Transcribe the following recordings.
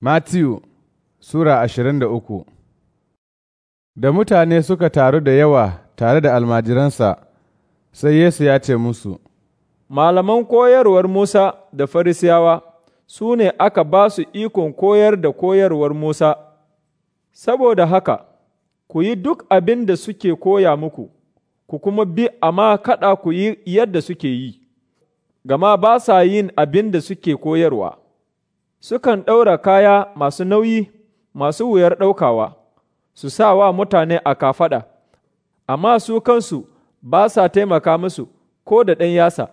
Matiyu Sura ashirin da uku Da mutane suka taru da yawa tare da almajiransa, sai Yesu ya ce musu, Malaman koyarwar Musa da Farisiyawa su ne aka ba su ikon koyar da koyarwar Musa, saboda haka, ku yi duk abin da suke koya muku, ku kuma bi amma kaɗa ku yi yadda suke yi, gama ba sa yin abin da suke koyarwa. sukan ɗaura kaya masu nauyi masu wuyar ɗaukawa, su sa wa mutane a kafaɗa, amma su kansu ba sa taimaka musu ko da ɗan yasa,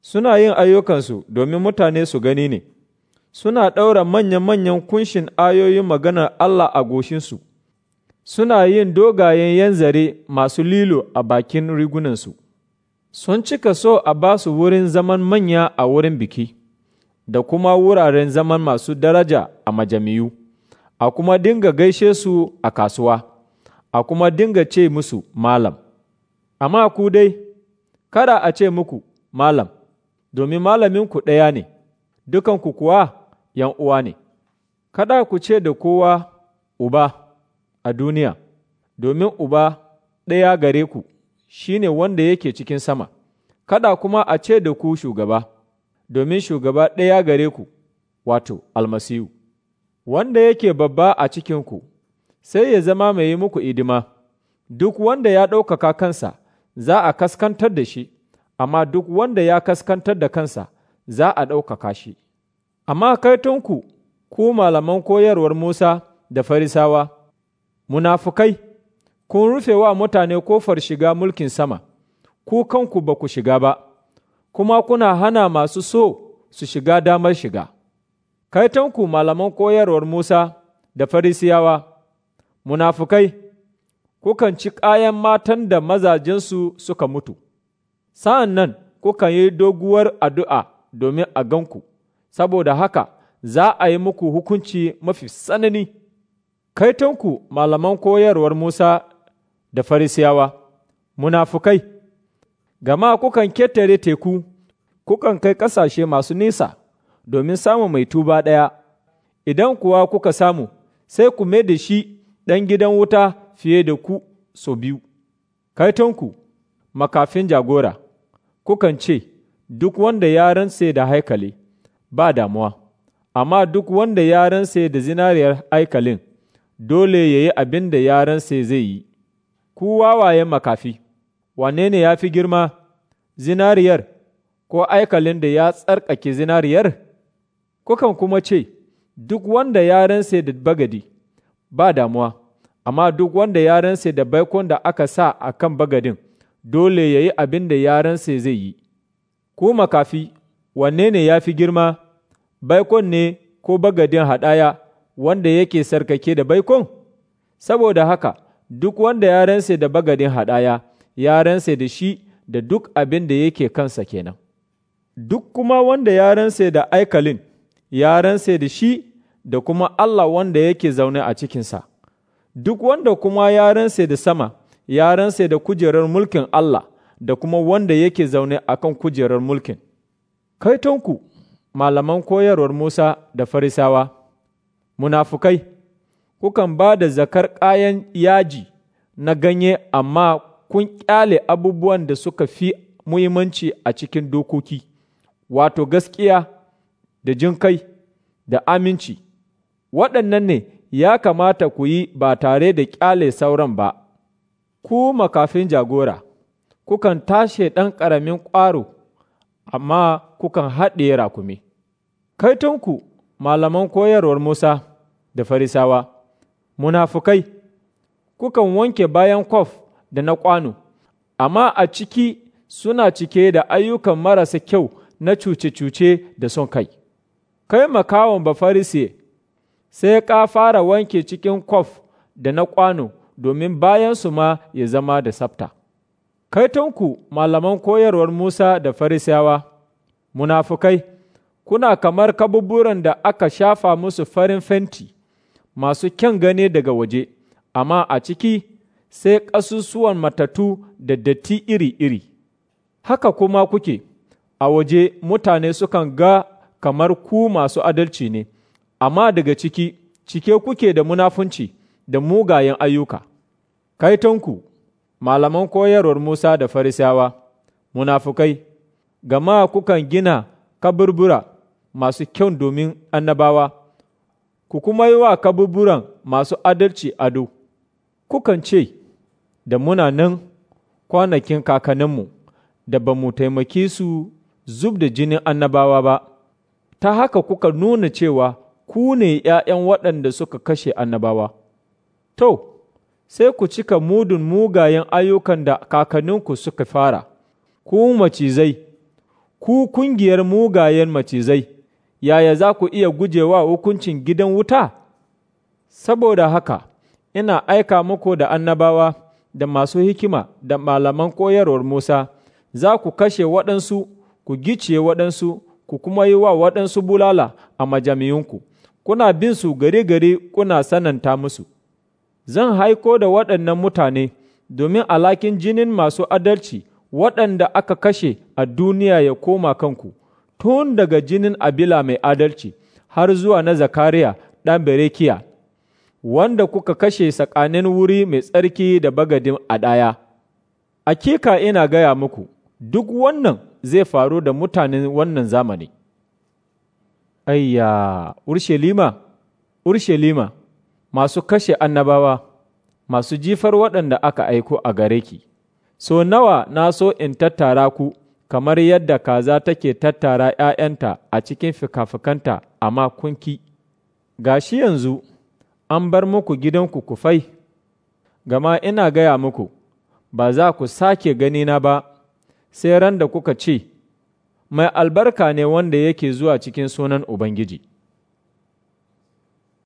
suna yin ayyukansu domin mutane su gani ne, suna ɗaura manyan-manyan kunshin ayoyin maganar Allah a goshinsu, suna yin dogayen yanzare masu lilo a bakin rigunansu, sun cika so a ba su wurin zaman manya a wurin biki. da kuma wuraren zaman masu daraja a majami'u, a kuma dinga gaishe su a kasuwa, a kuma dinga ce musu malam. Amma ku dai, kada a ce muku malam, domin malaminku ɗaya ne, dukanku kuwa ‘yan uwa ne. Kada ku ce da kowa uba a duniya, domin uba ɗaya gare ku shi ne wanda yake cikin sama, kada kuma a ce da ku shugaba. domin shugaba ɗaya gare ku, wato, almasihu, wanda yake babba a cikinku, sai ya zama mai yi muku idima, duk wanda ya ɗaukaka kansa za a kaskantar da shi, amma duk wanda ya kaskantar da kansa za a ɗaukaka shi. Amma kaitonku, ku malaman koyarwar Musa da Farisawa, munafukai, kun rufe wa mutane kofar shiga mulkin sama, ku kanku ba ku shiga ba. kuma kuna hana masu so su shiga damar shiga. Kaitonku malaman koyarwar Musa da Farisiyawa, munafukai, kukan ci kayan matan da mazajensu suka mutu, sa'an nan kukan yi doguwar addu'a domin a ganku, saboda haka za a yi muku hukunci mafi tsanani. Kaitonku malaman koyarwar Musa da Farisiyawa, munafukai. gama kukan ketare teku, kukan kai ƙasashe masu nisa, domin samun mai tuba ɗaya, idan kuwa kuka samu, sai ku mai da shi ɗan gidan wuta fiye da ku so biyu. Kaitonku, makafin jagora, kukan ce, Duk wanda ya rantse da haikali, ba damuwa, amma duk wanda ya rantse da zinariyar haikalin, dole ya yi abin da ya rantse zai yi, ku wawayen makafi. wanene ne ya fi girma, zinariyar ko aikalin da ya tsarkake zinariyar? Kukan kuma ce, Duk wanda ya ransa da bagadi, ba damuwa, amma duk wanda ya ransa da baikon da aka sa a kan bagadin, dole ya yi abin da ya ransa zai yi. Ku makafi, wanne ne ya fi girma, baikon ne ko bagadin hadaya wanda yake sarkake da baikon? Saboda haka, duk wanda ya ransa da bagadin hadaya. ya rantse da shi da duk abin da yake kansa kenan. Duk kuma wanda ya rantse da aikalin, ya rantse da shi da kuma Allah wanda yake zaune a cikinsa. Duk wanda kuma ya rantse da sama, ya rantse da kujerar mulkin Allah da kuma wanda yake zaune a kan kujerar mulkin. Kaitonku, malaman koyarwar Musa da Farisawa, munafukai, kukan ba da zakar kayan yaji na ganye amma kun ƙyale abubuwan da suka fi muhimmanci a cikin dokoki, wato gaskiya da jin jinkai da aminci, waɗannan ne ya kamata ku yi ba tare da ƙyale sauran ba, ku makafin jagora, kukan tashe ɗan ƙaramin ƙwaro, amma kukan haɗe rakumi. Kaitonku, malaman koyarwar Musa da Farisawa, munafukai, kukan wanke bayan kwaf. da na kwano, amma a ciki suna cike da ayyukan marasa kyau na cuce-cuce da son kai. Kai makawon bafarise sai ka fara wanke cikin kwaf da na kwano domin bayan su ma ya zama da sabta. Kaitonku malaman koyarwar Musa da Farisiyawa, munafukai, kuna kamar kabuburan da aka shafa musu farin fenti masu kyan gane daga waje, amma a ciki sai ƙasusuwan matatu da datti iri-iri. Haka kuma kuke, a waje mutane sukan ga kamar ku masu adalci ne, amma daga ciki, cike kuke da munafunci da mugayen ayyuka. Kaitonku, malaman koyarwar Musa da Farisawa, munafukai, gama kukan gina kaburbura masu kyau domin annabawa, ku kuma yi wa kaburburan masu adalci ado, kukan ce, da muna nan kwanakin kakaninmu da ba mu taimake su zub da jinin annabawa ba, ta haka kuka nuna cewa ku ne ’ya'yan waɗanda suka kashe annabawa. To, sai ku cika mudun mugayen ayyukan da kakanninku suka fara, ku macizai, ku kungiyar mugayen macizai, yaya za ku iya gujewa hukuncin gidan wuta? Saboda haka, ina aika muku da annabawa. da masu hikima da malaman koyarwar Musa, za ku kashe waɗansu, ku gice waɗansu, ku kuma yi wa waɗansu bulala a majami'unku, kuna bin su gari-gari kuna sananta musu. Zan haiko da waɗannan mutane domin alakin jinin masu adalci waɗanda aka kashe a duniya ya koma kanku, tun daga jinin abila mai adalci har zuwa na Zakariya ɗan Berekiya. wanda kuka kashe tsakanin wuri mai tsarki da bagadin a ɗaya. Akika ina gaya muku, duk wannan zai faru da mutanen wannan zamani. Ayya, Urshelima, Urshelima, masu kashe annabawa, masu jifar waɗanda aka aiko a gare ki, so nawa na so in tattara ku kamar yadda kaza take tattara ‘ya'yanta a cikin fikafikanta amma kunki, shi yanzu. an bar muku gidanku kufai, gama ina gaya muku, ba za ku sake ganina ba, sai ran da kuka ce, Mai albarka ne wanda yake zuwa cikin sunan Ubangiji.